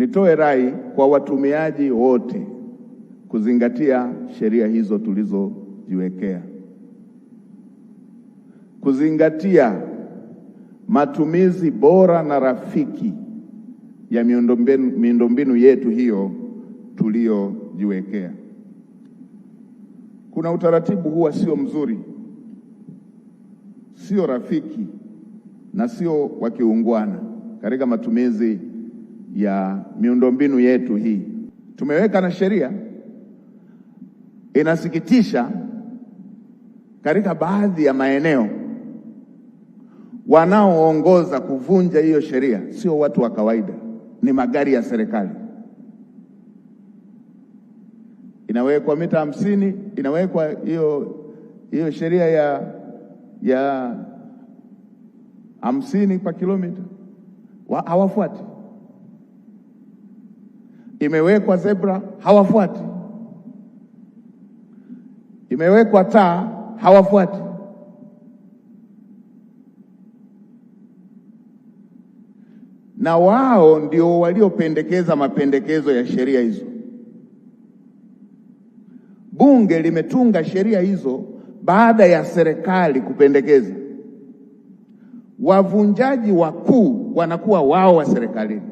Nitoe rai kwa watumiaji wote kuzingatia sheria hizo tulizojiwekea, kuzingatia matumizi bora na rafiki ya miundombinu yetu hiyo tuliyojiwekea. Kuna utaratibu huwa sio mzuri, sio rafiki na sio wa kiungwana katika matumizi ya miundombinu yetu hii. Tumeweka na sheria. Inasikitisha, katika baadhi ya maeneo wanaoongoza kuvunja hiyo sheria sio watu wa kawaida, ni magari ya serikali. Inawekwa mita hamsini, inawekwa hiyo hiyo sheria ya ya hamsini kwa kilomita, hawafuati Imewekwa zebra hawafuati, imewekwa taa hawafuati. Na wao ndio waliopendekeza mapendekezo ya sheria hizo. Bunge limetunga sheria hizo baada ya serikali kupendekeza. Wavunjaji wakuu wanakuwa wao wa serikalini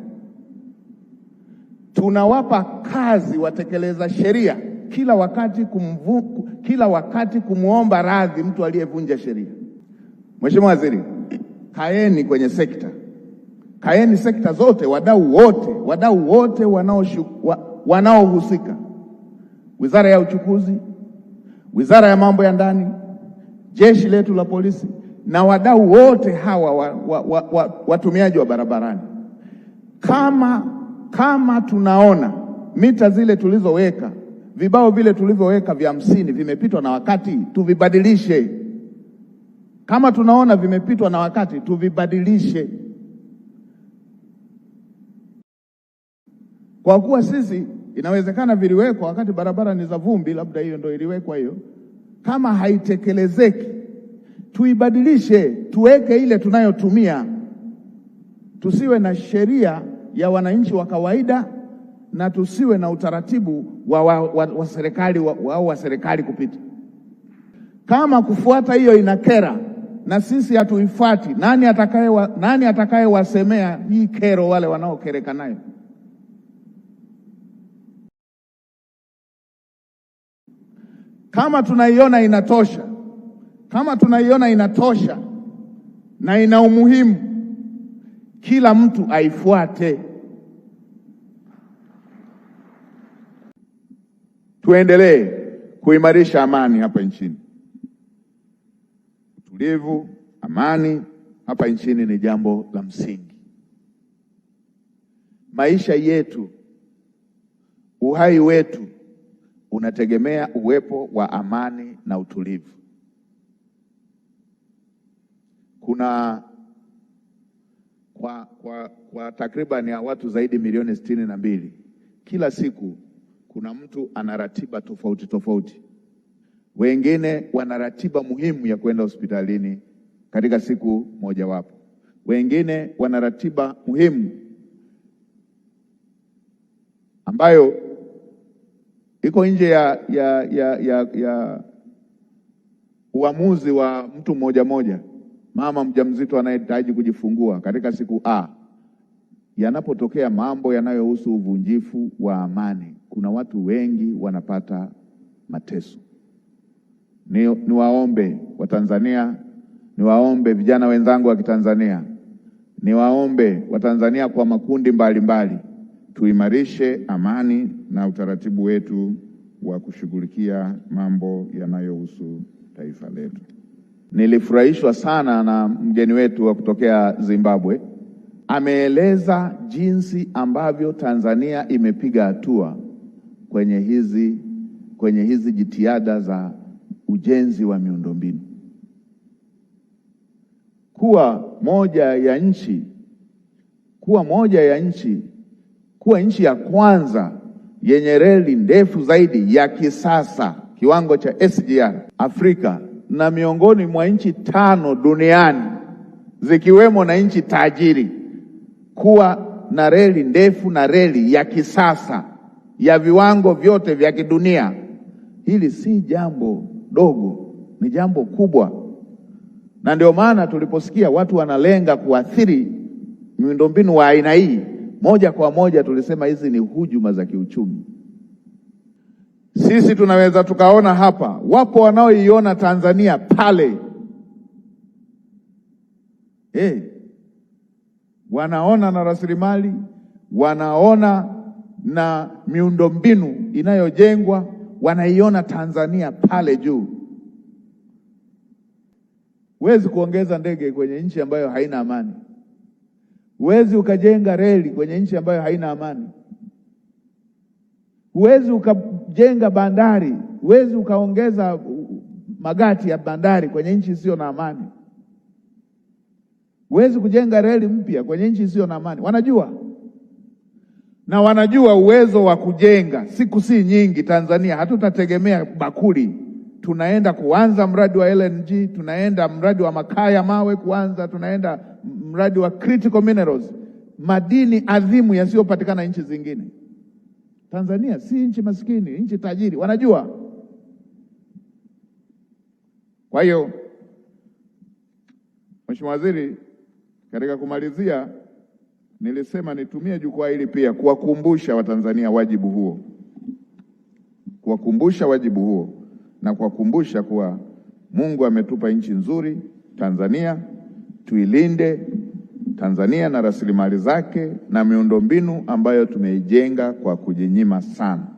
tunawapa kazi watekeleza sheria kila wakati kumvu, kila wakati kumwomba radhi mtu aliyevunja sheria. Mheshimiwa Waziri, kaeni kwenye sekta, kaeni sekta zote, wadau wote, wadau wote wanaohusika, wizara ya uchukuzi, wizara ya mambo ya ndani, jeshi letu la polisi na wadau wote hawa watumiaji wa, wa, wa, wa, wa barabarani kama kama tunaona mita zile tulizoweka, vibao vile tulivyoweka vya hamsini vimepitwa na wakati, tuvibadilishe. Kama tunaona vimepitwa na wakati, tuvibadilishe, kwa kuwa sisi inawezekana viliwekwa wakati barabara ni za vumbi, labda hiyo ndio iliwekwa hiyo. Kama haitekelezeki, tuibadilishe, tuweke ile tunayotumia, tusiwe na sheria ya wananchi wa kawaida na tusiwe na utaratibu wa, wa, wa, wa serikali au wa, wa, wa serikali kupita. Kama kufuata hiyo inakera na sisi hatuifuati, nani atakaye wa, nani atakayewasemea hii kero wale wanaokereka nayo? Kama tunaiona inatosha, kama tunaiona inatosha na ina umuhimu kila mtu aifuate. Tuendelee kuimarisha amani hapa nchini. Utulivu, amani hapa nchini ni jambo la msingi. Maisha yetu, uhai wetu unategemea uwepo wa amani na utulivu. Kuna kwa, kwa, kwa takriban ya watu zaidi milioni sitini na mbili. Kila siku kuna mtu ana ratiba tofauti tofauti, wengine wana ratiba muhimu ya kwenda hospitalini katika siku mojawapo, wengine wana ratiba muhimu ambayo iko nje ya, ya, ya, ya, ya uamuzi wa mtu mmoja mmoja mama mjamzito anayehitaji kujifungua katika siku A, yanapotokea mambo yanayohusu uvunjifu wa amani, kuna watu wengi wanapata mateso. Ni, niwaombe Watanzania, niwaombe vijana wenzangu wa Kitanzania, niwaombe Watanzania kwa makundi mbalimbali mbali, tuimarishe amani na utaratibu wetu wa kushughulikia mambo yanayohusu taifa letu. Nilifurahishwa sana na mgeni wetu wa kutokea Zimbabwe. Ameeleza jinsi ambavyo Tanzania imepiga hatua kwenye hizi, kwenye hizi jitihada za ujenzi wa miundombinu. Kuwa moja ya nchi kuwa moja ya nchi kuwa nchi ya kwanza yenye reli ndefu zaidi ya kisasa kiwango cha SGR Afrika na miongoni mwa nchi tano duniani zikiwemo na nchi tajiri kuwa na reli ndefu na reli ya kisasa ya viwango vyote vya kidunia. Hili si jambo dogo, ni jambo kubwa, na ndio maana tuliposikia watu wanalenga kuathiri miundombinu wa aina hii, moja kwa moja tulisema hizi ni hujuma za kiuchumi. Sisi tunaweza tukaona hapa, wapo wanaoiona Tanzania pale eh, wanaona na rasilimali, wanaona na miundombinu inayojengwa, wanaiona Tanzania pale juu. Huwezi kuongeza ndege kwenye nchi ambayo haina amani. Huwezi ukajenga reli kwenye nchi ambayo haina amani. Huwezi ukajenga bandari, huwezi ukaongeza magati ya bandari kwenye nchi isiyo na amani. Huwezi kujenga reli mpya kwenye nchi isiyo na amani. Wanajua na wanajua uwezo wa kujenga. Siku si nyingi, Tanzania hatutategemea bakuli. Tunaenda kuanza mradi wa LNG, tunaenda mradi wa makaa ya mawe kuanza, tunaenda mradi wa critical minerals, madini adhimu yasiyopatikana nchi zingine. Tanzania si nchi maskini, nchi tajiri, wanajua. Kwa hiyo Mheshimiwa Waziri, katika kumalizia, nilisema nitumie jukwaa hili pia kuwakumbusha Watanzania wajibu huo, kuwakumbusha wajibu huo na kuwakumbusha kuwa Mungu ametupa nchi nzuri Tanzania, tuilinde. Tanzania na rasilimali zake na miundombinu ambayo tumeijenga kwa kujinyima sana.